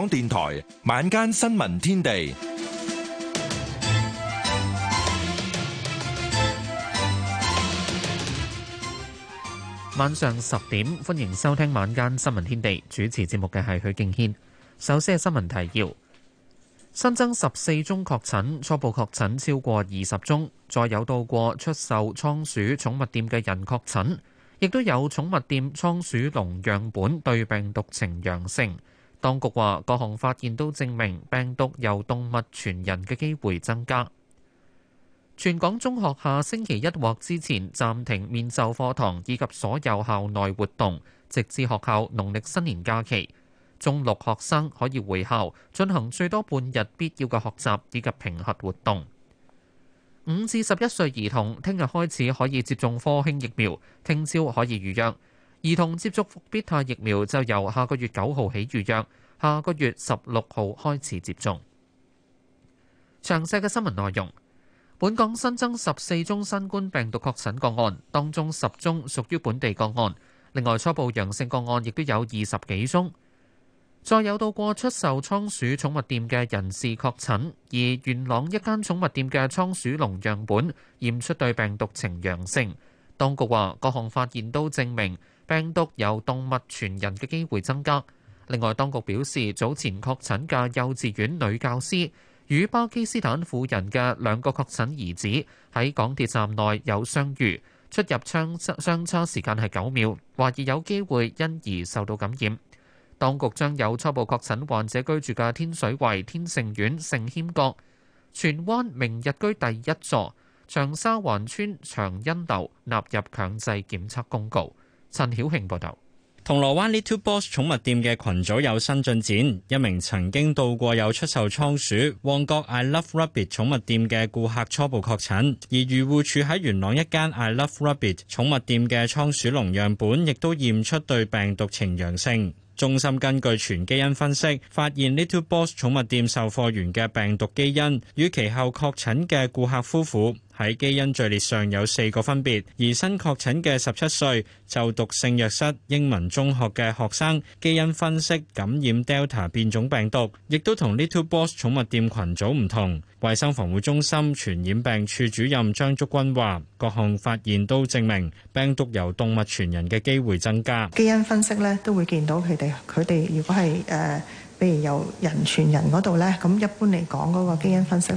港電台晚間新聞天地，晚上十點，歡迎收聽晚間新聞天地。主持節目嘅係許敬軒。首先係新聞提要：新增十四宗確診，初步確診超過二十宗。再有到過出售倉鼠寵物店嘅人確診，亦都有寵物店倉鼠籠樣本對病毒呈陽性。當局話，各項發現都證明病毒由動物傳人嘅機會增加。全港中學下星期一或之前暫停面授課堂以及所有校內活動，直至學校農曆新年假期。中六學生可以回校進行最多半日必要嘅學習以及評核活動。五至十一歲兒童聽日開始可以接種科興疫苗，聽朝可以預約。兒童接觸復必泰疫苗就由下個月九號起預約，下個月十六號開始接種。詳細嘅新聞內容，本港新增十四宗新冠病毒確診個案，當中十宗屬於本地個案，另外初步陽性個案亦都有二十幾宗。再有到過出售倉鼠寵物店嘅人士確診，而元朗一間寵物店嘅倉鼠籠樣本驗出對病毒呈陽性。當局話，各項發現都證明。病毒由動物傳人嘅機會增加。另外，當局表示，早前確診嘅幼稚園女教師與巴基斯坦婦人嘅兩個確診兒子喺港鐵站內有相遇，出入相差時間係九秒，懷疑有機會因而受到感染。當局將有初步確診患者居住嘅天水圍天盛苑、盛軒閣、荃灣明日居第一座、長沙灣村長欣樓納入強制檢測公告。陳曉慶報道，銅鑼灣 Little Boss 寵物店嘅群組有新進展，一名曾經到過有出售倉鼠旺角 I Love Rabbit 寵物店嘅顧客初步確診，而漁護署喺元朗一間 I Love Rabbit 寵物店嘅倉鼠籠樣本亦都驗出對病毒呈陽性。中心根據全基因分析，發現 Little Boss 寵物店售貨員嘅病毒基因與其後確診嘅顧客夫婦。喺基因序列上有四個分別，而新確診嘅十七歲，就讀聖約瑟英文中學嘅學生，基因分析感染 Delta 變種病毒，亦都同 Little Boss 寵物店群組不同。衛生防護中心傳染病處主任張竹君話，各項發現都證明病毒由動物傳人嘅機會增加。基因分析咧都會見到佢哋，佢哋如果係比如有人傳人嗰度，咁一般嚟講嗰個基因分析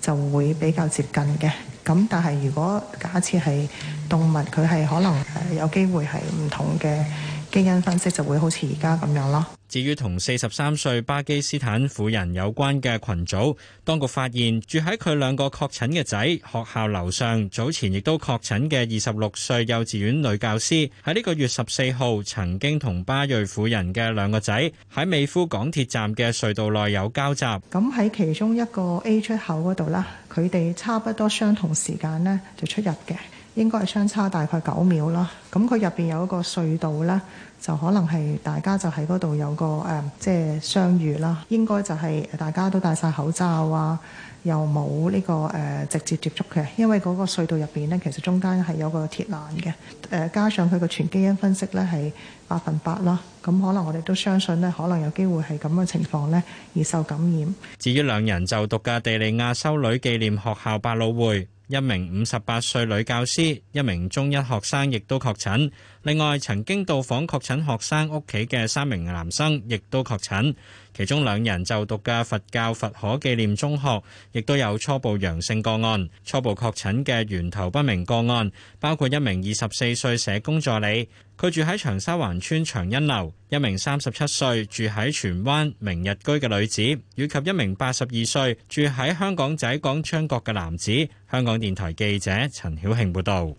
就會比較接近嘅。咁但係如果假設係動物，佢係可能誒，有機會係唔同嘅。基因分析就會好似而家咁樣咯。至於同四十三歲巴基斯坦婦人有關嘅群組，當局發現住喺佢兩個確診嘅仔學校樓上，早前亦都確診嘅二十六歲幼稚園女教師，喺呢個月十四號曾經同巴裔婦人嘅兩個仔喺美孚港鐵站嘅隧道內有交集。咁喺其中一個 A 出口嗰度啦，佢哋差不多相同時間呢就出入嘅。應該係相差大概九秒啦，咁佢入邊有一個隧道呢，就可能係大家就喺嗰度有個誒、即、呃、係、就是、相遇啦。應該就係大家都戴晒口罩啊，又冇呢、這個誒、呃、直接接觸嘅，因為嗰個隧道入邊呢，其實中間係有個鐵欄嘅。誒、呃、加上佢個全基因分析呢係百分百啦，咁可能我哋都相信呢，可能有機會係咁嘅情況呢，而受感染。至於兩人就讀嘅地利亞修女紀念學校百老匯，一名五十八歲女教師，一名中一學生亦都確診。另外，曾經到訪確診學生屋企嘅三名男生，亦都確診。其中兩人就讀嘅佛教佛可紀念中學，亦都有初步陽性個案。初步確診嘅源頭不明個案，包括一名二十四歲社工助理，佢住喺長沙灣邨長欣樓；一名三十七歲住喺荃灣明日居嘅女子，以及一名八十二歲住喺香港仔港昌閣嘅男子。香港電台記者陳曉慶報導。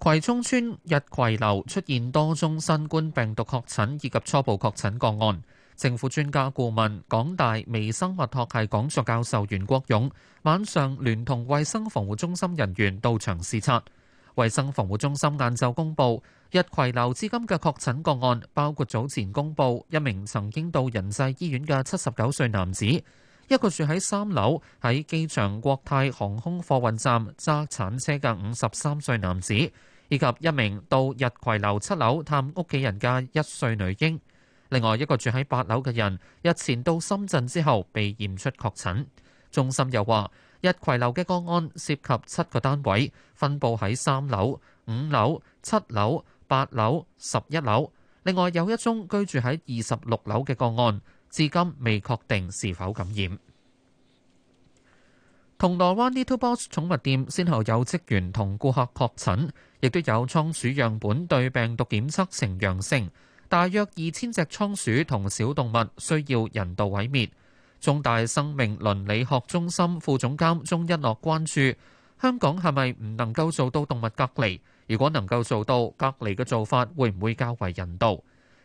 葵涌村日葵樓出現多宗新冠病毒確診以及初步確診個案，政府專家顧問、港大微生物學系講座教授袁國勇晚上聯同衛生防護中心人員到場視察。衛生防護中心晏晝公布，日葵樓至今嘅確診個案包括早前公布一名曾經到仁濟醫院嘅七十九歲男子，一個住喺三樓喺機場國泰航空貨運站揸鏟車嘅五十三歲男子，以及一名到日葵樓七樓探屋企人嘅一歲女嬰。另外一個住喺八樓嘅人，日前到深圳之後被驗出確診。中心又話，日葵樓嘅個案涉及七個單位，分佈喺三樓、五樓、七樓、八樓、十一樓。另外有一宗居住喺二十六樓嘅個案。至今未確定是否感染。銅鑼灣 Little Boss 寵物店先後有職員同顧客確診，亦都有倉鼠樣本對病毒檢測呈陽性。大約二千隻倉鼠同小動物需要人道毀滅。重大生命倫理學中心副總監鍾一諾關注：香港係咪唔能夠做到動物隔離？如果能夠做到隔離嘅做法，會唔會較為人道？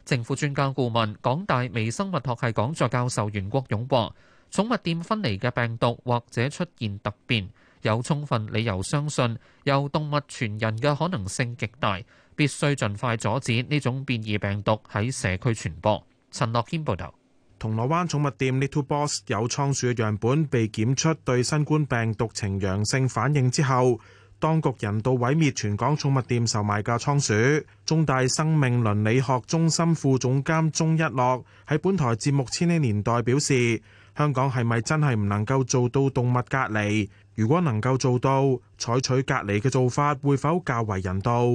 政府專家顧問、港大微生物學系講座教授袁國勇話：寵物店分離嘅病毒或者出現突變，有充分理由相信由動物傳人嘅可能性極大，必須盡快阻止呢種變異病毒喺社區傳播。陳樂謙報道，銅鑼灣寵物店 Little Boss 有倉鼠嘅樣本被檢出對新冠病毒呈陽性反應之後，當局人道毀滅全港寵物店售賣嘅倉鼠，中大生命倫理學中心副總監鍾一樂喺本台節目《千禧年代》表示：香港係咪真係唔能夠做到動物隔離？如果能夠做到，採取隔離嘅做法會否較為人道？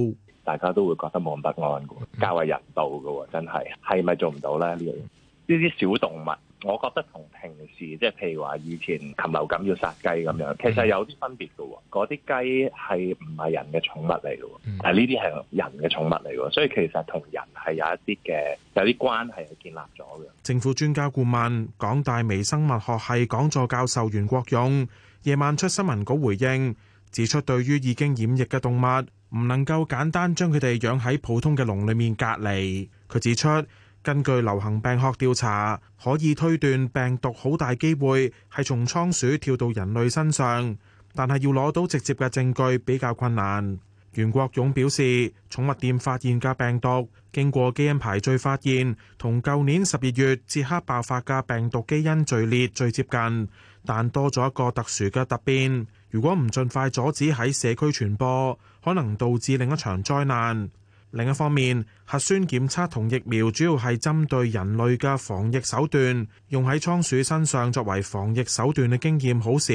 大家都會覺得冇咁不安嘅，較為人道嘅，真係，係咪做唔到呢？呢啲小動物。我覺得同平時即係譬如話以前禽流感要殺雞咁樣，其實有啲分別嘅喎。嗰啲雞係唔係人嘅寵物嚟嘅喎，但呢啲係人嘅寵物嚟嘅喎，所以其實同人係有一啲嘅有啲關係係建立咗嘅。政府專家顧問港大微生物學系講座教授袁國勇夜晚出新聞稿回應，指出對於已經染疫嘅動物，唔能夠簡單將佢哋養喺普通嘅籠裡面隔離。佢指出。根據流行病學調查，可以推斷病毒好大機會係從倉鼠跳到人類身上，但係要攞到直接嘅證據比較困難。袁國勇表示，寵物店發現嘅病毒經過基因排序發現，同舊年十二月捷克爆發嘅病毒基因序列最接近，但多咗一個特殊嘅突變。如果唔盡快阻止喺社區傳播，可能導致另一場災難。另一方面，核酸檢測同疫苗主要係針對人類嘅防疫手段，用喺倉鼠身上作為防疫手段嘅經驗好少，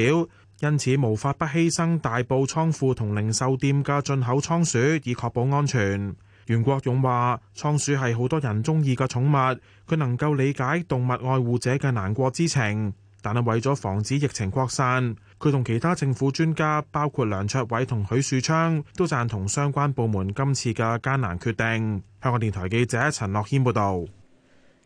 因此無法不犧牲大埔倉庫同零售店嘅進口倉鼠以確保安全。袁國勇話倉鼠係好多人中意嘅寵物，佢能夠理解動物愛護者嘅難過之情。但係為咗防止疫情擴散，佢同其他政府專家，包括梁卓偉同許樹昌，都贊同相關部門今次嘅艱難決定。香港電台記者陳樂謙報道。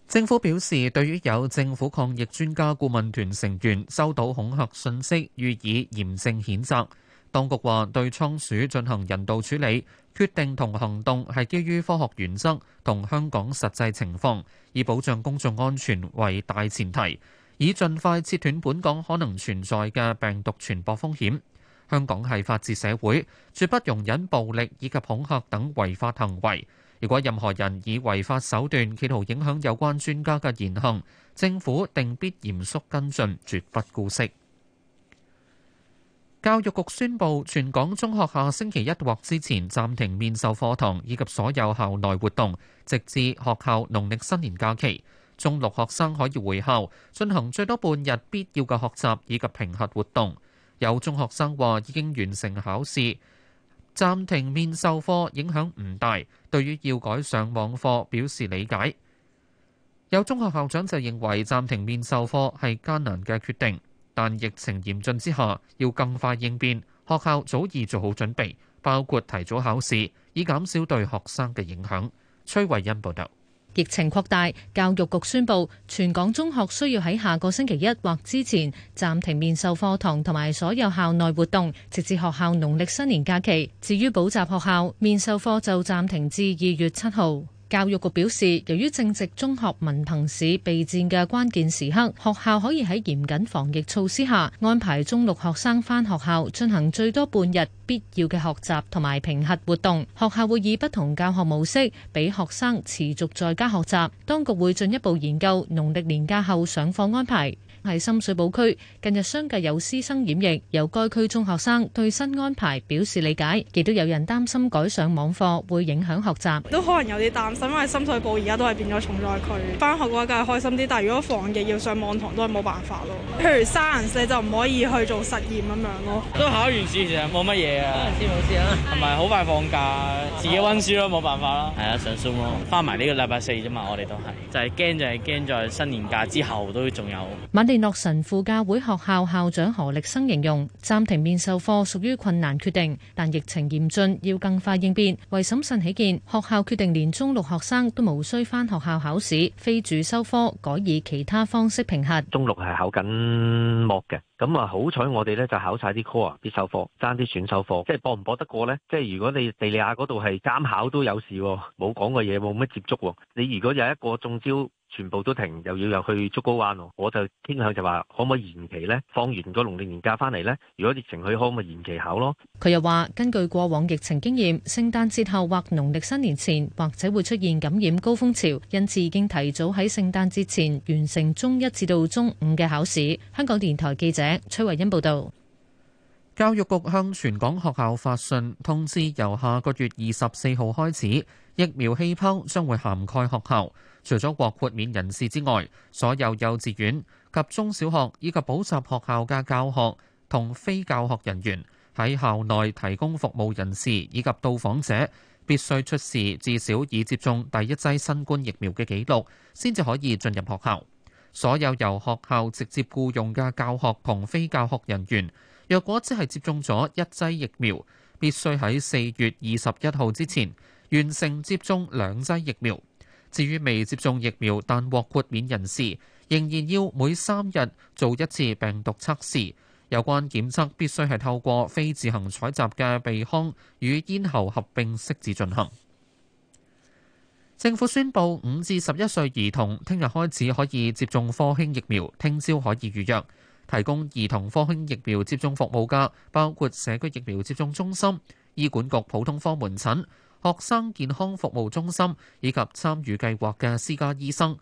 政府表示，對於有政府抗疫專家顧問團成員收到恐嚇信息，予以嚴正譴責。當局話對倉鼠進行人道處理，決定同行動係基於科學原則同香港實際情況，以保障公眾安全為大前提。以盡快切斷本港可能存在嘅病毒傳播風險。香港係法治社會，絕不容忍暴力以及恐嚇等違法行為。如果任何人以違法手段企圖影響有關專家嘅言行，政府定必嚴肅跟進，絕不姑息。教育局宣布，全港中學下星期一或之前暫停面授課堂以及所有校內活動，直至學校農曆新年假期。中六學生可以回校，進行最多半日必要嘅學習以及評核活動。有中學生話已經完成考試，暫停面授課影響唔大，對於要改上網課表示理解。有中學校長就認為暫停面授課係艱難嘅決定，但疫情嚴峻之下要更快應變，學校早已做好準備，包括提早考試，以減少對學生嘅影響。崔慧欣報道。疫情擴大，教育局宣布，全港中學需要喺下個星期一或之前暫停面授課堂同埋所有校內活動，直至學校農曆新年假期。至於補習學校，面授課就暫停至二月七號。教育局表示，由於正值中學文憑試備戰嘅關鍵時刻，學校可以喺嚴謹防疫措施下安排中六學生返學校進行最多半日必要嘅學習同埋評核活動。學校會以不同教學模式畀學生持續在家學習。當局會進一步研究農曆年假後上課安排。係深水埗區，近日相繼有師生染疫，由該區中學生對新安排表示理解，亦都有人擔心改上網課會影響學習。都可能有啲擔心，因為深水埗而家都係變咗重災區。翻學嘅話梗係開心啲，但係如果防疫要上網堂都係冇辦法咯。譬如三，人四就唔可以去做實驗咁樣咯。都考完試就冇乜嘢啊，試冇試啦，同埋好快放假，自己溫書咯，冇辦法啦。係啊，上書咯，翻埋呢個禮拜四啫嘛，我哋都係就係驚就係驚在新年假之後都仲有。洛神副教會學校校長何力生形容暫停面授課屬於困難決定，但疫情嚴峻，要更快應變。為審慎起見，學校決定連中六學生都無需返學校考試，非主修科改以其他方式評核。中六係考緊模嘅，咁啊好彩我哋咧就考晒啲 core 必修科，爭啲選修科，即係搏唔搏得過呢？即係如果你地利亞嗰度係監考都有事、哦，冇講過嘢冇乜接觸、哦，你如果有一個中招。全部都停，又要又去竹篙灣，我就傾向就話，可唔可以延期呢，放完咗農曆年假翻嚟呢，如果疫情去可唔可以延期考咯？佢又話根據過往疫情經驗，聖誕節後或農曆新年前，或者會出現感染高峰潮，因此已經提早喺聖誕節前完成中一至到中五嘅考試，香港電台記者崔慧欣報道。教育局向全港學校發信通知，由下個月二十四號開始，疫苗氣泡將會涵蓋學校。除咗獲豁免人士之外，所有幼稚園及中小學以及補習學校嘅教學同非教學人員、喺校內提供服務人士以及到訪者，必須出示至少已接種第一劑新冠疫苗嘅記錄，先至可以進入學校。所有由學校直接僱用嘅教學同非教學人員，若果只係接種咗一劑疫苗，必須喺四月二十一號之前完成接種兩劑疫苗。至於未接種疫苗但獲豁免人士，仍然要每三日做一次病毒測試。有關檢測必須係透過非自行採集嘅鼻腔與咽喉合併拭子進行。政府宣布，五至十一歲兒童聽日開始可以接種科興疫苗，聽朝可以預約。提供兒童科興疫苗接種服務嘅包括社區疫苗接種中心、醫管局普通科門診、學生健康服務中心以及參與計劃嘅私家醫生，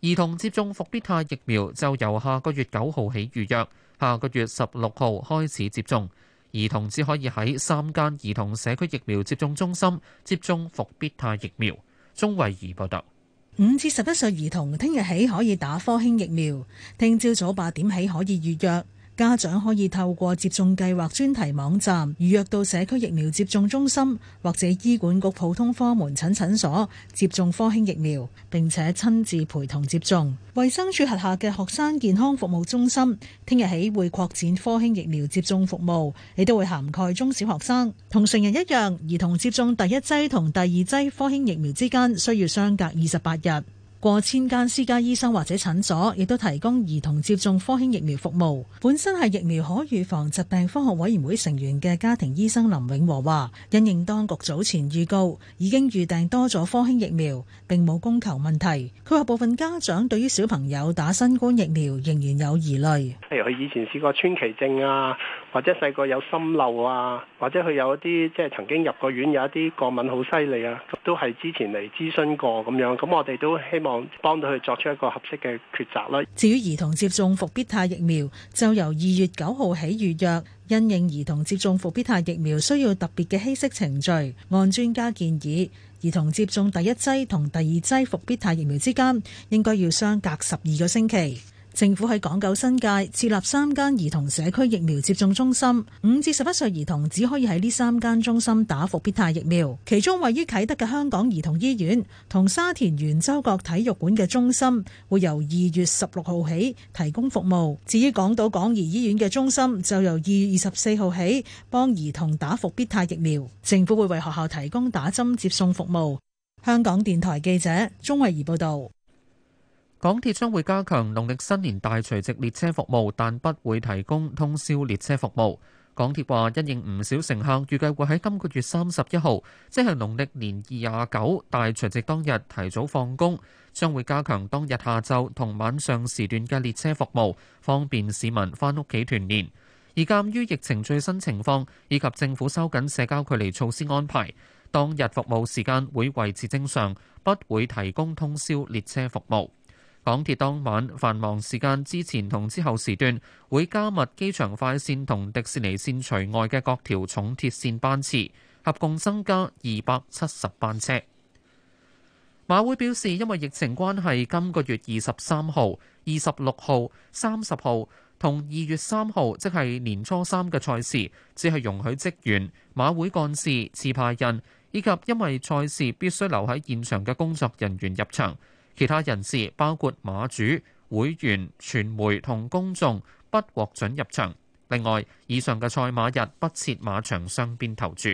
兒童接種復必泰疫苗就由下個月九號起預約，下個月十六號開始接種。兒童只可以喺三間兒童社區疫苗接種中心接種復必泰疫苗。鍾慧儀報道，五至十一歲兒童聽日起可以打科興疫苗，聽朝早八點起可以預約。家長可以透過接種計劃專題網站預約到社區疫苗接種中心或者醫管局普通科門診診所接種科興疫苗，並且親自陪同接種。衛生署轄下嘅學生健康服務中心聽日起會擴展科興疫苗接種服務，亦都會涵蓋中小學生，同成人一樣。兒童接種第一劑同第二劑科興疫苗之間需要相隔二十八日。過千間私家醫生或者診所亦都提供兒童接種科興疫苗服務。本身係疫苗可預防疾病科學委員會成員嘅家庭醫生林永和話，因應當局早前預告，已經預訂多咗科興疫苗，並冇供求問題。佢話部分家長對於小朋友打新冠疫苗仍然有疑慮，譬如佢以前試過川崎症啊，或者細個有心漏啊，或者佢有一啲即係曾經入過院，有一啲過敏好犀利啊，都係之前嚟諮詢過咁樣，咁我哋都希望幫到佢作出一個合適嘅抉擇啦。至於兒童接種復必泰疫苗，就由二月九號起預約。因應兒童接種復必泰疫苗需要特別嘅稀釋程序，按專家建議，兒童接種第一劑同第二劑復必泰疫苗之間應該要相隔十二個星期。政府喺港九新界設立三間兒童社區疫苗接種中心，五至十一歲兒童只可以喺呢三間中心打復必泰疫苗。其中位於啟德嘅香港兒童醫院同沙田圓洲角體育館嘅中心會由二月十六號起提供服務。至於港島港怡醫院嘅中心就由二月二十四號起幫兒童打復必泰疫苗。政府會為學校提供打針接送服務。香港電台記者鍾慧儀報道。港鐵將會加強農曆新年大除夕列車服務，但不會提供通宵列車服務。港鐵話，因應唔少乘客預計會喺今個月三十一號，即係農曆年二廿九大除夕當日提早放工，將會加強當日下晝同晚上時段嘅列車服務，方便市民翻屋企團年。而鑑於疫情最新情況以及政府收緊社交距離措施安排，當日服務時間會維持正常，不會提供通宵列車服務。港鐵當晚繁忙時間之前同之後時段會加密機場快線同迪士尼線除外嘅各條重鐵線班次，合共增加二百七十班車。馬會表示，因為疫情關係，今個月二十三號、二十六號、三十號同二月三號，即係年初三嘅賽事，只係容許職員、馬會幹事、持牌人以及因為賽事必須留喺現場嘅工作人員入場。其他人士包括馬主、會員、傳媒同公眾不獲准入場。另外，以上嘅賽馬日不設馬場雙邊投注。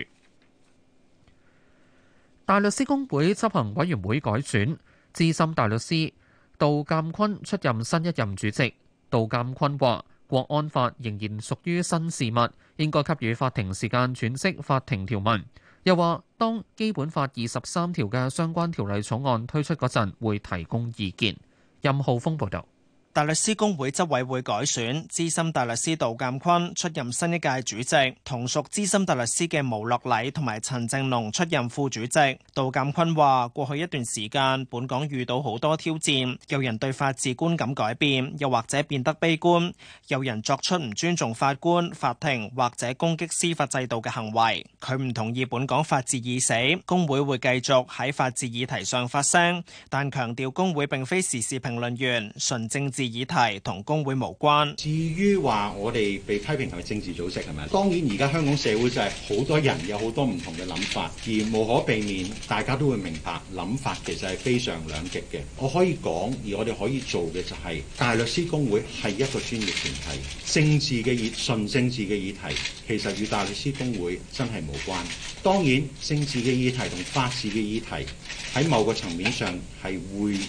大律師公會執行委員會改選，資深大律師杜鑑坤出任新一任主席。杜鑑坤話：國安法仍然屬於新事物，應該給予法庭時間詮釋法庭條文。又話，當《基本法》二十三條嘅相關條例草案推出嗰陣，會提供意見。任浩峰報導。大律師公會執委會改選，資深大律師杜鑒坤出任新一屆主席，同屬資深大律師嘅毛樂禮同埋陳正龍出任副主席。杜鑒坤話：過去一段時間，本港遇到好多挑戰，有人對法治觀感改變，又或者變得悲觀，有人作出唔尊重法官、法庭或者攻擊司法制度嘅行為。佢唔同意本港法治已死，公會會繼續喺法治議題上發聲，但強調公會並非時事評論員，純政治。議題同公會無關。至於話我哋被批評係政治組織係咪？當然而家香港社會就係好多人有好多唔同嘅諗法，而無可避免，大家都會明白諗法其實係非常兩極嘅。我可以講，而我哋可以做嘅就係、是、大律師公會係一個專業團體，政治嘅議、純政治嘅議題，其實與大律師公會真係冇關。當然，政治嘅議題同法治嘅議題喺某個層面上係會誒，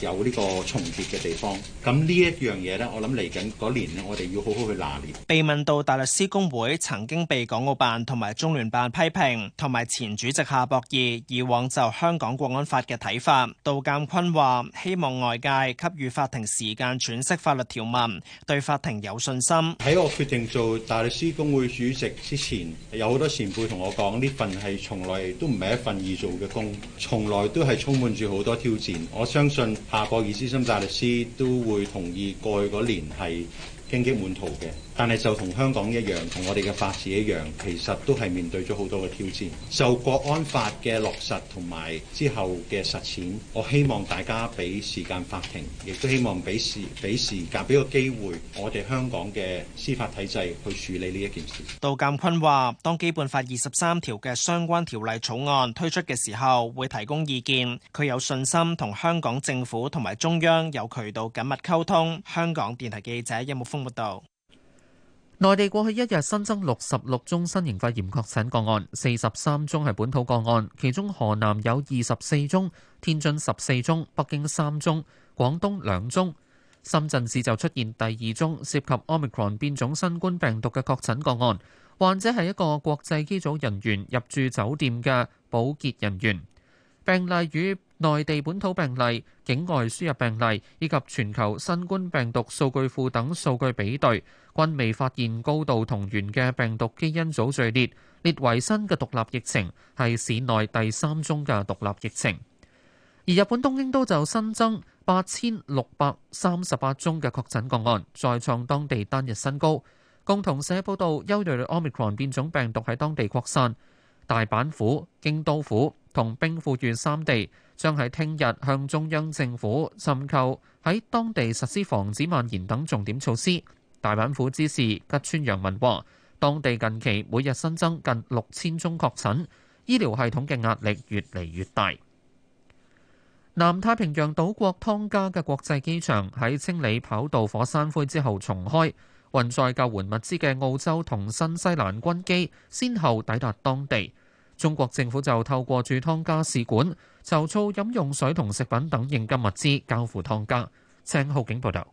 有呢個重疊嘅地方，咁呢一樣嘢呢，我諗嚟緊嗰年咧，我哋要好好去拿捏。被問到大律師公會曾經被港澳辦同埋中聯辦批評，同埋前主席夏博義以往就香港國安法嘅睇法，杜鑑坤話：希望外界給予法庭時間詮釋法律條文，對法庭有信心。喺我決定做大律師公會主席之前，有好多前輩同我講，呢份係從來都唔係一份易做嘅工，從來都係充滿住好多挑戰。我相信。下個義師森大律師都會同意過去嗰年係。荊棘滿途嘅，但係就同香港一樣，同我哋嘅法治一樣，其實都係面對咗好多嘅挑戰。就國安法嘅落實同埋之後嘅實踐，我希望大家俾時間法庭，亦都希望俾時俾時間，俾個機會我哋香港嘅司法體制去處理呢一件事。杜鑑坤話：當《基本法》二十三條嘅相關條例草案推出嘅時候，會提供意見。佢有信心同香港政府同埋中央有渠道緊密溝通。香港電台記者有冇？內地過去一日新增六十六宗新型肺炎確診個案，四十三宗係本土個案，其中河南有二十四宗，天津十四宗，北京三宗，廣東兩宗。深圳市就出現第二宗涉及 Omicron 變種新冠病毒嘅確診個案，患者係一個國際機組人員入住酒店嘅保潔人員，病例與。內地本土病例、境外輸入病例以及全球新冠病毒數據庫等數據比對，均未發現高度同源嘅病毒基因組序列，列為新嘅獨立疫情，係市內第三宗嘅獨立疫情。而日本東京都就新增八千六百三十八宗嘅確診個案，再創當地單日新高。共同社報道，優嘅 Omicron 變種病毒喺當地擴散，大阪府、京都府。同兵庫縣三地將喺聽日向中央政府尋求喺當地實施防止蔓延等重點措施。大阪府知事吉村洋文話，當地近期每日新增近六千宗確診，醫療系統嘅壓力越嚟越大。南太平洋島國湯加嘅國際機場喺清理跑道火山灰之後重開，運載救援物資嘅澳洲同新西蘭軍機，先後抵達當地。中國政府就透過駐湯加使館籌措飲用水同食品等應急物資，交付湯加。鄭浩景報道，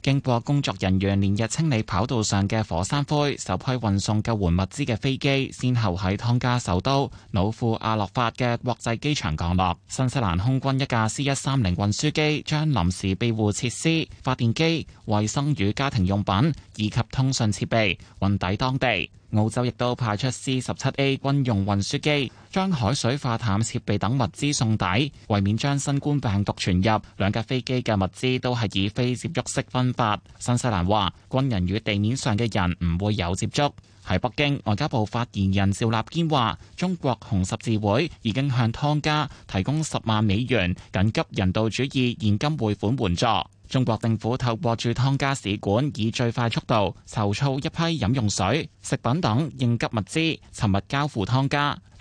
經過工作人員連日清理跑道上嘅火山灰，首批運送救援物資嘅飛機先後喺湯加首都努庫阿洛法嘅國際機場降落。新西蘭空軍一架 C 一三零運輸機將臨時庇護設施、發電機、衛生與家庭用品以及通訊設備運抵當地。澳洲亦都派出 C 十七 A 軍用運輸機，將海水化淡設備等物資送抵，為免將新冠病毒傳入，兩架飛機嘅物資都係以非接觸式分發。新西蘭話，軍人與地面上嘅人唔會有接觸。喺北京，外交部發言人趙立堅話，中國紅十字會已經向湯加提供十萬美元緊急人道主義現金匯款援助。中國政府透過駐湯加使館，以最快速度籌措一批飲用水、食品等應急物資，尋日交付湯加。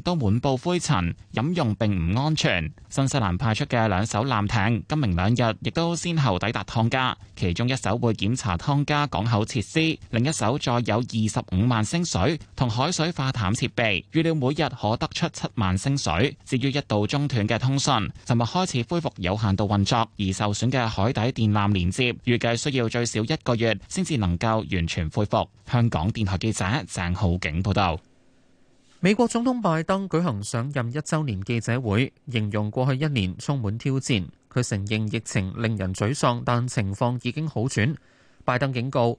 都滿布灰塵，飲用並唔安全。新西蘭派出嘅兩艘艦艇今明兩日亦都先後抵達湯加，其中一艘會檢查湯加港口設施，另一艘載有二十五萬升水同海水化淡設備，預料每日可得出七萬升水。至於一度中斷嘅通訊，尋日開始恢復有限度運作，而受損嘅海底電纜連接，預計需要最少一個月先至能夠完全恢復。香港電台記者鄭浩景報道。美國總統拜登舉行上任一周年記者會，形容過去一年充滿挑戰。佢承認疫情令人沮喪，但情況已經好轉。拜登警告，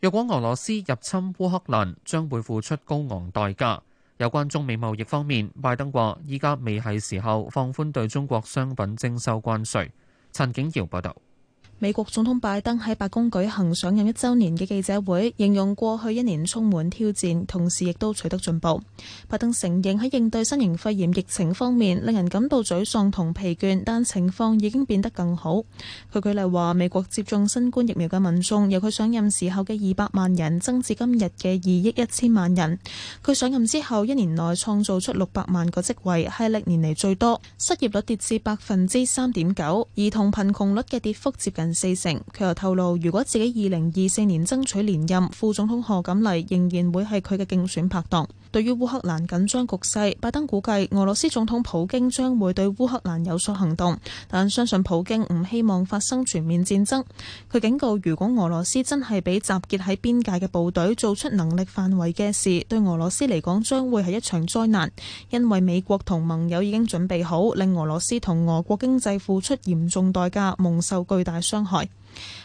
若果俄羅斯入侵烏克蘭，將會付出高昂代價。有關中美貿易方面，拜登話依家未係時候放寬對中國商品徵收關稅。陳景堯報道。美國總統拜登喺白宮舉行上任一周年嘅記者會，形容過去一年充滿挑戰，同時亦都取得進步。拜登承認喺應對新型肺炎疫情方面令人感到沮喪同疲倦，但情況已經變得更好。佢舉例話，美國接種新冠疫苗嘅民眾由佢上任時候嘅二百萬人增至今日嘅二億一千萬人。佢上任之後一年內創造出六百萬個職位，係歷年嚟最多。失業率跌至百分之三點九，兒童貧窮率嘅跌幅接近四成，佢又透露，如果自己二零二四年爭取連任，副總統賀錦麗仍然會係佢嘅競選拍檔。對於烏克蘭緊張局勢，拜登估計俄羅斯總統普京將會對烏克蘭有所行動，但相信普京唔希望發生全面戰爭。佢警告，如果俄羅斯真係俾集結喺邊界嘅部隊做出能力範圍嘅事，對俄羅斯嚟講將會係一場災難，因為美國同盟友已經準備好令俄羅斯同俄國經濟付出嚴重代價，蒙受巨大傷害。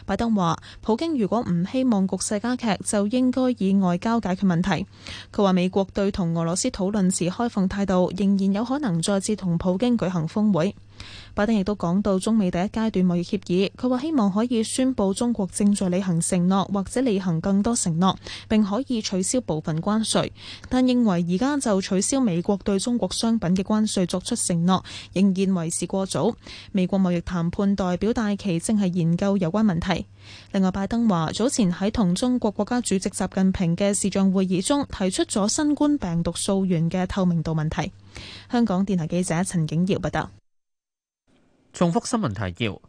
拜登話：普京如果唔希望局勢加劇，就應該以外交解決問題。佢話美國對同俄羅斯討論時開放態度，仍然有可能再次同普京舉行峰會。拜登亦都講到中美第一階段貿易協議，佢話希望可以宣布中國正在履行承諾或者履行更多承諾，並可以取消部分關稅。但認為而家就取消美國對中國商品嘅關稅作出承諾，仍然為時過早。美國貿易談判代表戴琪正係研究有關問題。另外，拜登話早前喺同中國國家主席習近平嘅視像會議中提出咗新冠病毒溯源嘅透明度問題。香港電台記者陳景耀報道。重複新聞提要：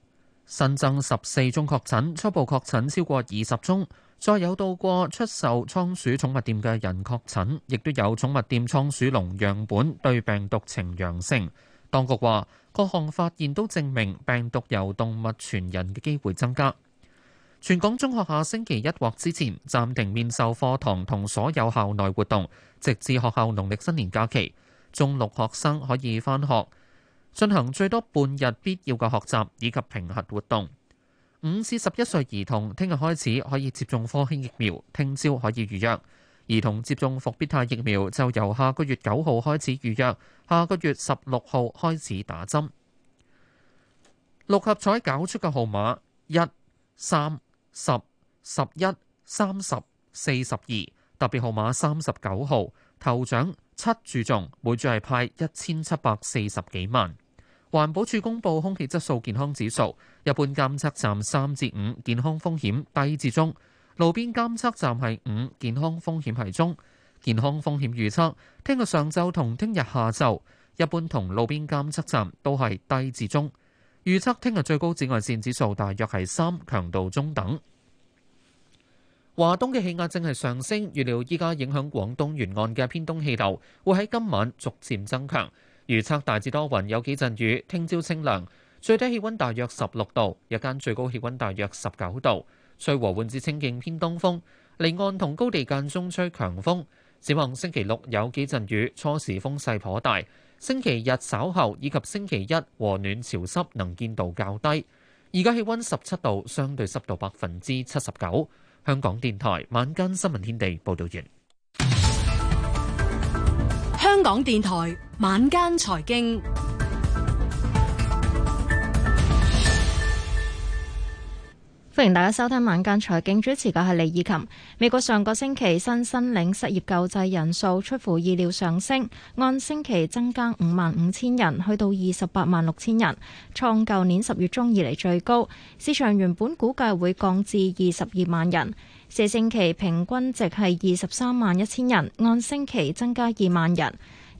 新增十四宗確診，初步確診超過二十宗。再有到過出售倉鼠寵物店嘅人確診，亦都有寵物店倉鼠籠樣本對病毒呈陽性。當局話各項發現都證明病毒由動物傳人嘅機會增加。全港中學下星期一或之前暫停面授課堂同所有校內活動，直至學校農曆新年假期。中六學生可以返學，進行最多半日必要嘅學習以及評核活動。五至十一歲兒童聽日開始可以接種科興疫苗，聽朝可以預約。兒童接種復必泰疫苗就由下個月九號開始預約，下個月十六號開始打針。六合彩搞出嘅號碼一三十十一三十四十二，1, 3, 10, 11, 30, 42，特別號碼三十九號頭獎。七注重，每注係派一千七百四十幾萬。環保署公布空氣質素健康指數，一般監測站三至五，健康風險低至中；路邊監測站係五，健康風險係中。健康風險預測，聽日上晝同聽日下晝，一般同路邊監測站都係低至中。預測聽日最高紫外綫指數大約係三，強度中等。華東嘅氣壓正係上升，預料依家影響廣東沿岸嘅偏東氣流會喺今晚逐漸增強。預測大致多雲，有幾陣雨。聽朝清涼，最低氣溫大約十六度，日間最高氣溫大約十九度。吹和緩至清勁偏東風，離岸同高地間中吹強風。展望星期六有幾陣雨，初時風勢頗大。星期日稍後以及星期一和暖潮濕，能見度較低。而家氣溫十七度，相對濕度百分之七十九。香港電台晚間新聞天地報道完。香港電台晚間財經。歡迎大家收聽晚間財經，主持嘅係李以琴。美國上個星期新申領失業救濟人數出乎意料上升，按星期增加五萬五千人，去到二十八萬六千人，創舊年十月中以嚟最高。市場原本估計會降至二十二萬人，四星期平均值係二十三萬一千人，按星期增加二萬人。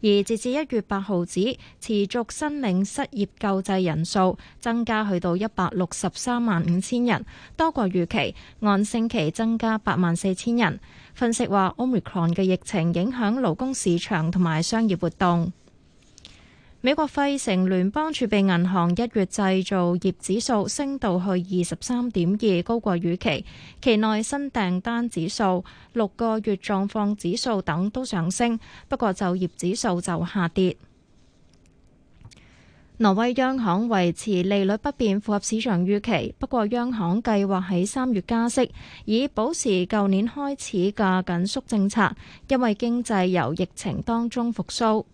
而截至一月八號止，持續申領失業救濟人數增加去到一百六十三萬五千人，多過預期。按星期增加八萬四千人。分析話 Omicron 嘅疫情影響勞工市場同埋商業活動。美國費城聯邦儲備銀行一月製造業指數升到去二十三點二，高過預期。期內新訂單指數、六個月狀況指數等都上升，不過就業指數就下跌。挪威央行維持利率不變，符合市場預期。不過央行計劃喺三月加息，以保持舊年開始嘅緊縮政策，因為經濟由疫情當中復甦。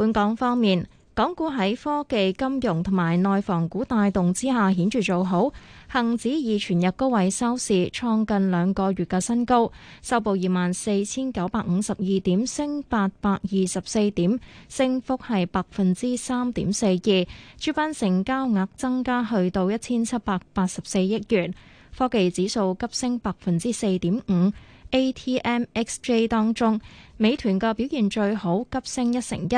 本港方面，港股喺科技、金融同埋內房股帶動之下，顯著做好，恒指以全日高位收市，創近兩個月嘅新高，收報二萬四千九百五十二點，升八百二十四點，升幅係百分之三點四二。主板成交額增加去到一千七百八十四億元。科技指數急升百分之四點五，A T M X J 當中，美團嘅表現最好，急升一成一。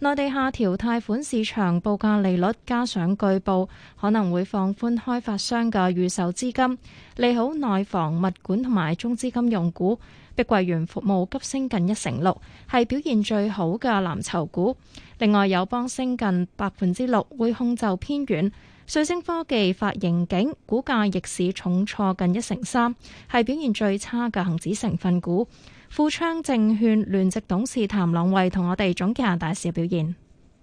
內地下調貸款市場報價利率，加上據報可能會放寬開發商嘅預售資金，利好內房物管同埋中資金融股。碧桂園服務急升近一成六，係表現最好嘅藍籌股。另外，友邦升近百分之六，會控就偏遠。瑞星科技發盈警，股價逆市重挫近一成三，係表現最差嘅恒指成分股。富昌證券聯席董事譚朗慧同我哋總結下大市嘅表現。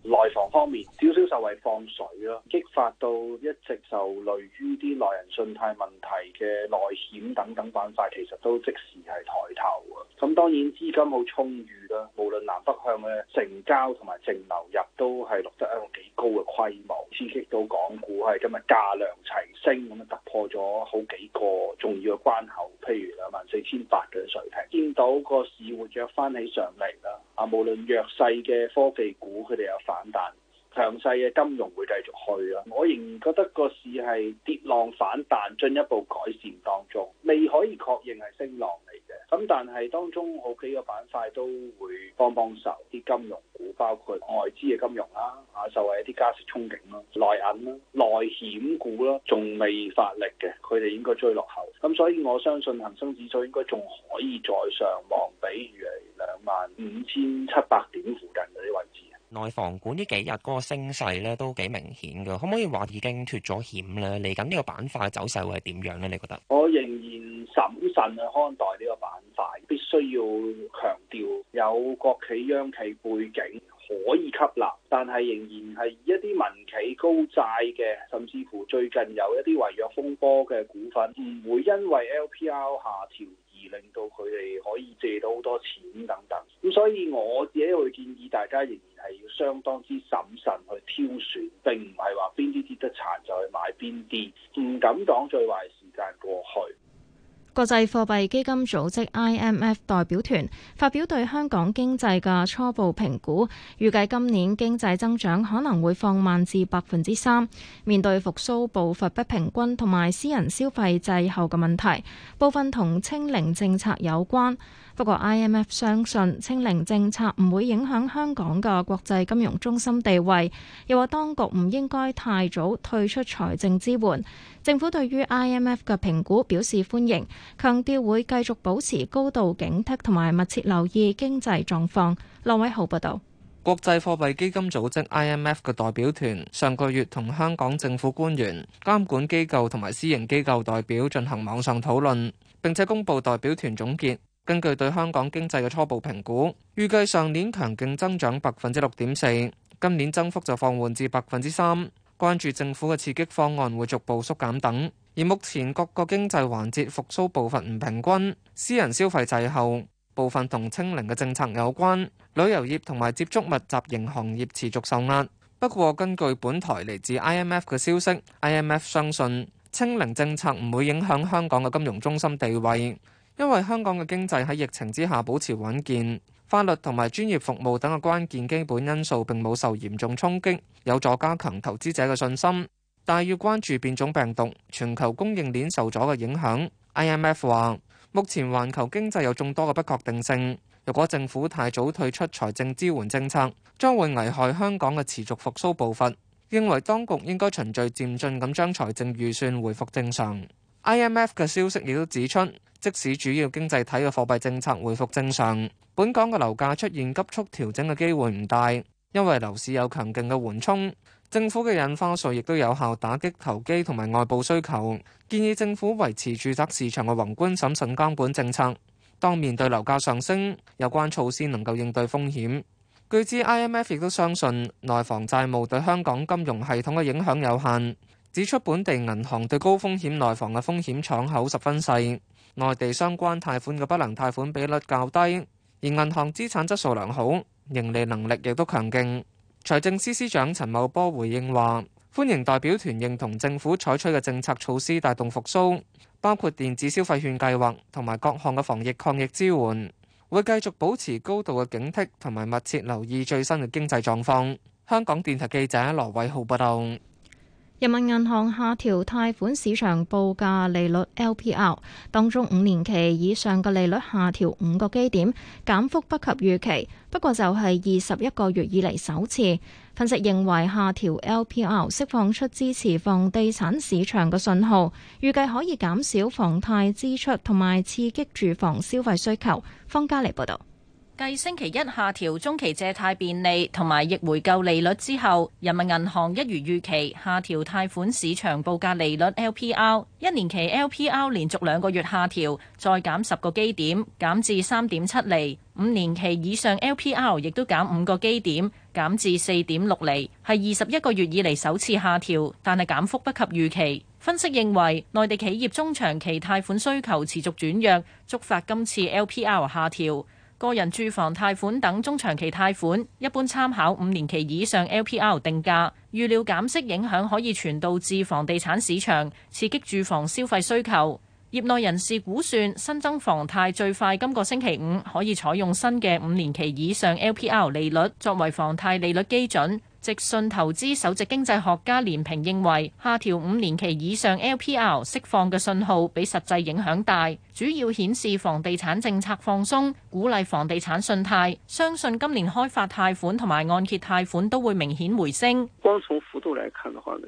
內房方面，少少受惠放水咯，激發到一直受累於啲內人信貸問題嘅內險等等板塊，其實都即時係抬頭啊！咁當然資金好充裕啦，無論南北向嘅成交同埋淨流入都係錄得一個幾高嘅規模，刺激到港股係今日價量齊升，咁樣突破咗好幾個重要嘅關口，譬如兩萬四千八嘅水平，見到個市活躍翻起上嚟啦。啊，無論弱勢嘅科技股，佢哋有反彈。詳細嘅金融會繼續去咯，我仍然覺得個市係跌浪反彈，進一步改善當中，未可以確認係升浪嚟嘅。咁但係當中好幾個板塊都會幫幫手，啲金融股包括外資嘅金融啦，啊就係一啲加息憧憬咯，啊，內銀啦、啊、內險股啦，仲未發力嘅，佢哋應該追落後。咁所以我相信恒生指數應該仲可以再上望，比如係兩萬五千七百點附近嗰啲位置。內房股呢幾日嗰個升勢咧都幾明顯嘅，可唔可以話已經脫咗險咧？嚟緊呢個板塊走勢會係點樣咧？你覺得，我仍然審慎去看待呢個板塊，必須要強調有國企央企背景可以吸納，但係仍然係一啲民企高債嘅，甚至乎最近有一啲違約風波嘅股份，唔會因為 LPR 下調而令到佢哋可以借到好多錢等等。咁所以我自己會建議大家仍。係要相當之審慎去挑選，並唔係話邊啲跌得慘就去買邊啲，唔敢講最壞時間過去。國際貨幣基金組織 IMF 代表團發表對香港經濟嘅初步評估，預計今年經濟增長可能會放慢至百分之三。面對復甦步伐不平均同埋私人消費滯後嘅問題，部分同清零政策有關。不過，IMF 相信清零政策唔會影響香港嘅國際金融中心地位，又話當局唔應該太早退出財政支援。政府對於 IMF 嘅評估表示歡迎，強調會繼續保持高度警惕同埋密切留意經濟狀況。羅偉豪報導。國際貨幣基金組織 IMF 嘅代表團上個月同香港政府官員、監管機構同埋私營機構代表進行網上討論，並且公布代表團總結。根據對香港經濟嘅初步評估，預計上年強勁增長百分之六點四，今年增幅就放緩至百分之三。關注政府嘅刺激方案會逐步縮減等。而目前各個經濟環節復甦步伐唔平均，私人消費滯後部分同清零嘅政策有關。旅遊業同埋接觸密集型行業持續受壓。不過根據本台嚟自 IMF 嘅消息，IMF 相信清零政策唔會影響香港嘅金融中心地位。因為香港嘅經濟喺疫情之下保持穩健，法律同埋專業服務等嘅關鍵基本因素並冇受嚴重衝擊，有助加強投資者嘅信心。但係要關注變種病毒、全球供應鏈受阻嘅影響。IMF 話，目前環球經濟有眾多嘅不確定性。若果政府太早退出財政支援政策，將會危害香港嘅持續復甦步伐。認為當局應該循序漸進咁將財政預算回復正常。IMF 嘅消息亦都指出，即使主要經濟體嘅貨幣政策回復正常，本港嘅樓價出現急速調整嘅機會唔大，因為樓市有強勁嘅緩衝，政府嘅印花稅亦都有效打擊投機同埋外部需求。建議政府維持住宅市場嘅宏觀審慎監管政策，當面對樓價上升，有關措施能夠應對風險。據知 IMF 亦都相信內房債務對香港金融系統嘅影響有限。指出本地銀行對高風險內房嘅風險敞口十分細，內地相關貸款嘅不良貸款比率較低，而銀行資產質素良好，盈利能力亦都強勁。財政司司長陳茂波回應話：歡迎代表團認同政府採取嘅政策措施帶動復蘇，包括電子消費券計劃同埋各項嘅防疫抗疫支援，會繼續保持高度嘅警惕同埋密切留意最新嘅經濟狀況，香港電台記者羅偉浩報道。人民銀行下調貸款市場報價利率 LPR，當中五年期以上嘅利率下調五個基點，減幅不及預期。不過就係二十一個月以嚟首次。分析認為，下調 LPR 釋放出支持房地產市場嘅信號，預計可以減少房貸支出，同埋刺激住房消費需求。方家嚟報道。繼星期一下調中期借貸便利同埋逆回購利率之後，人民銀行一如預期下調貸款市場報價利率 LPR，一年期 LPR 連續兩個月下調，再減十個基點，減至三點七厘；五年期以上 LPR 亦都減五個基點，減至四點六厘，係二十一個月以嚟首次下調，但係減幅不及預期。分析認為，內地企業中長期貸款需求持續轉弱，觸發今次 LPR 下調。個人住房貸款等中長期貸款，一般參考五年期以上 LPR 定價。預料減息影響可以傳導至房地產市場，刺激住房消費需求。業內人士估算，新增房貸最快今個星期五可以採用新嘅五年期以上 LPR 利率作為房貸利率基準。直信投資首席經濟學家連平認為，下調五年期以上 LPR 釋放嘅信號比實際影響大，主要顯示房地產政策放鬆，鼓勵房地產信貸，相信今年開發貸款同埋按揭貸款都會明顯回升。光從幅度嚟看嘅話呢？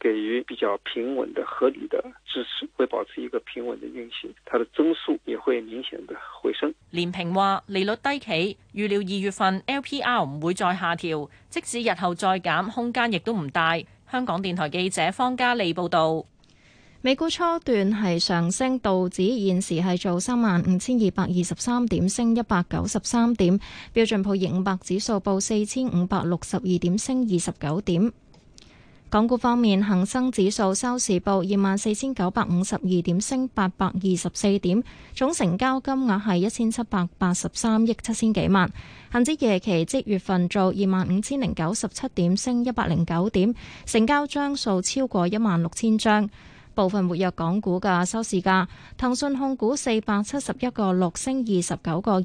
給予比較平穩的合理的支持，會保持一個平穩的運行，它的增速也會明顯的回升。連平話利率低企，預料二月份 LPR 唔會再下調，即使日後再減空間亦都唔大。香港電台記者方嘉利報道，美股初段係上升，道指現時係做三萬五千二百二十三點，升一百九十三點；標準普爾五百指數報四千五百六十二點，升二十九點。港股方面，恒生指數收市報二萬四千九百五十二點升八百二十四點，總成交金額係一千七百八十三億七千幾萬，恆指夜期即月份做二萬五千零九十七點升一百零九點，成交張數超過一萬六千張。部分活躍港股嘅收市價，騰訊控股四百七十一個六升二十九個二，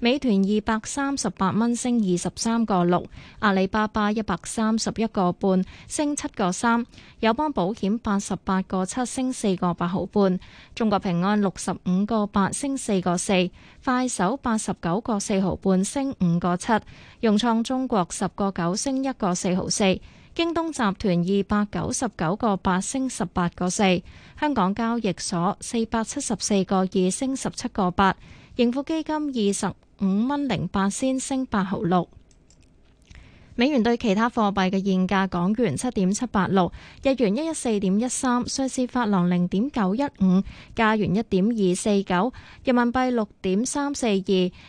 美團二百三十八蚊升二十三個六，阿里巴巴一百三十一個半升七個三，友邦保險八十八個七升四個八毫半，中國平安六十五個八升四個四，快手八十九個四毫半升五個七，融創中國十個九升一個四毫四。京東集團二百九十九個八升十八個四，香港交易所四百七十四個二升十七個八，盈富基金二十五蚊零八仙升八毫六。美元兌其他貨幣嘅現價：港元七點七八六，日元一一四點一三，瑞士法郎零點九一五，加元一點二四九，人民幣六點三四二，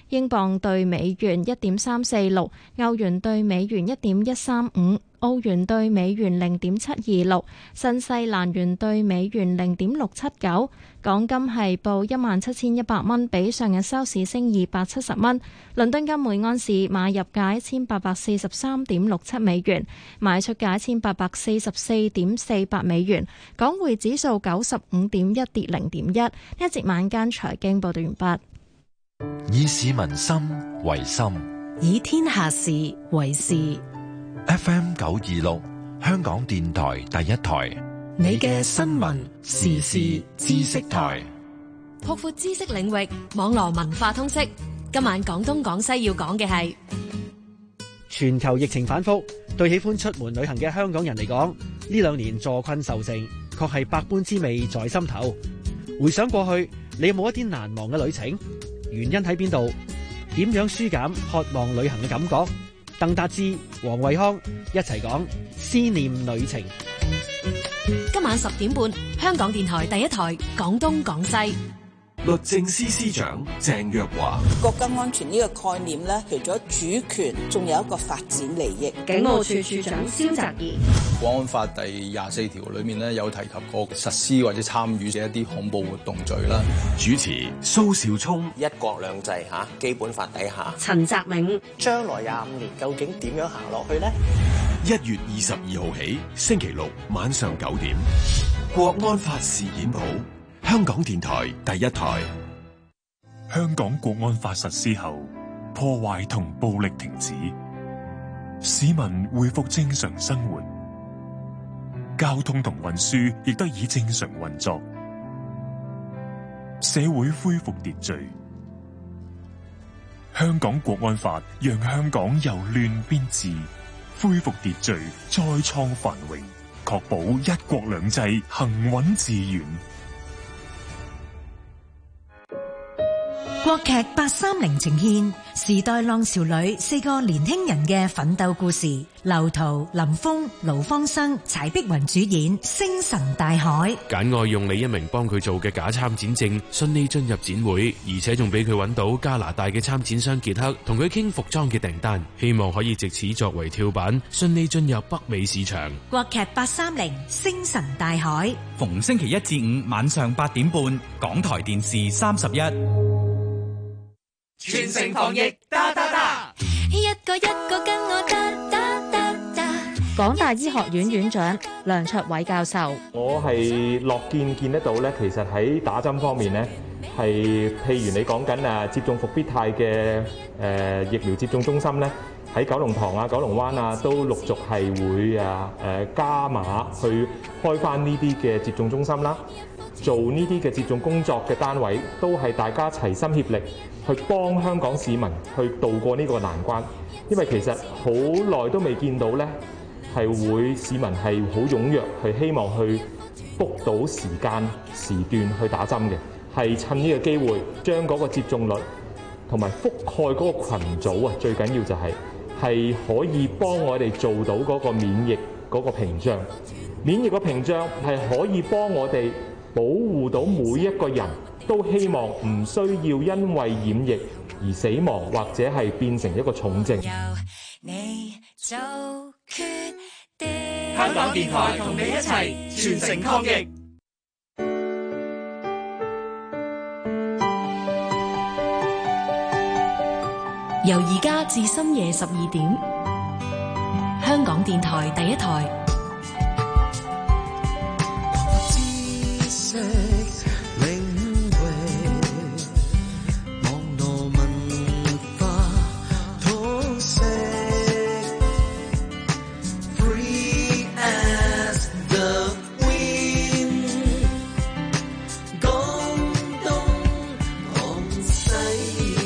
英鎊兌美元一點三四六，歐元兌美元一點一三五。澳元兌美元零點七二六，新西蘭元兌美元零點六七九，港金係報一萬七千一百蚊，比上日收市升二百七十蚊。倫敦金每安士買入價一千八百四十三點六七美元，賣出價一千八百四十四點四八美元。港匯指數九十五點一跌零點一。一節晚間財經報道完畢。以市民心為心，以天下事為事。FM 九二六，香港電台第一台，你嘅新聞時事知識台，擴闊知識領域，網羅文化通識。今晚講東講西，要講嘅係全球疫情反覆，對喜歡出門旅行嘅香港人嚟講，呢兩年坐困愁城，確係百般滋味在心頭。回想過去，你有冇一啲難忘嘅旅程？原因喺邊度？點樣舒減渴望旅行嘅感覺？鄧達志、黃惠康一齊講《思念旅程》，今晚十點半，香港電台第一台，廣東廣西。律政司司長鄭若驊，國家安全呢個概念咧，除咗主權，仲有一個發展利益。警務處處長蕭澤頤，國安法第廿四條裏面咧有提及過實施或者參與者一啲恐怖活動罪啦。主持蘇兆聰，一國兩制吓，基本法底下，陳澤銘，將來廿五年究竟點樣行落去呢？一月二十二號起，星期六晚上九點，國安法事件簿。香港電台第一台。香港國安法實施後，破壞同暴力停止，市民恢復正常生活，交通同運輸亦得以正常運作，社會恢復秩序。香港國安法讓香港由亂變治，恢復秩序，再創繁榮，確保一國兩制行穩致遠。國劇八三零呈現時代浪潮裏四個年輕人嘅奮鬥故事，劉濤、林峰、盧芳生、柴碧雲主演《星辰大海》。簡愛用李一鳴幫佢做嘅假參展證順利進入展會，而且仲俾佢揾到加拿大嘅參展商傑克，同佢傾服裝嘅訂單，希望可以借此作為跳板順利進入北美市場。國劇八三零《星辰大海》，逢星期一至五晚上八點半，港台電視三十一。全城防疫，噠噠噠，一個一個跟我噠噠噠噠。港大醫學院院長梁卓偉教授，我係樂見見得到咧。其實喺打針方面咧，係譬如你講緊，誒接種復必泰嘅誒疫苗接種中心咧，喺九龍塘啊、九龍灣啊，都陸續係會啊誒加碼去開翻呢啲嘅接種中心啦。做呢啲嘅接種工作嘅單位，都係大家齊心協力，去幫香港市民去渡過呢個難關，因為其實好耐都未見到咧，係會市民係好踴躍去希望去 book 到時間時段去打針嘅，係趁呢個機會將嗰個接種率同埋覆蓋嗰個群組啊，最緊要就係係可以幫我哋做到嗰個免疫嗰個屏障，免疫個屏障係可以幫我哋保護到每一個人。都希望唔需要因為染疫而死亡，或者係變成一個重症。 香港電台同你一齊全城抗疫。由而家至深夜十二點，香港電台第一台。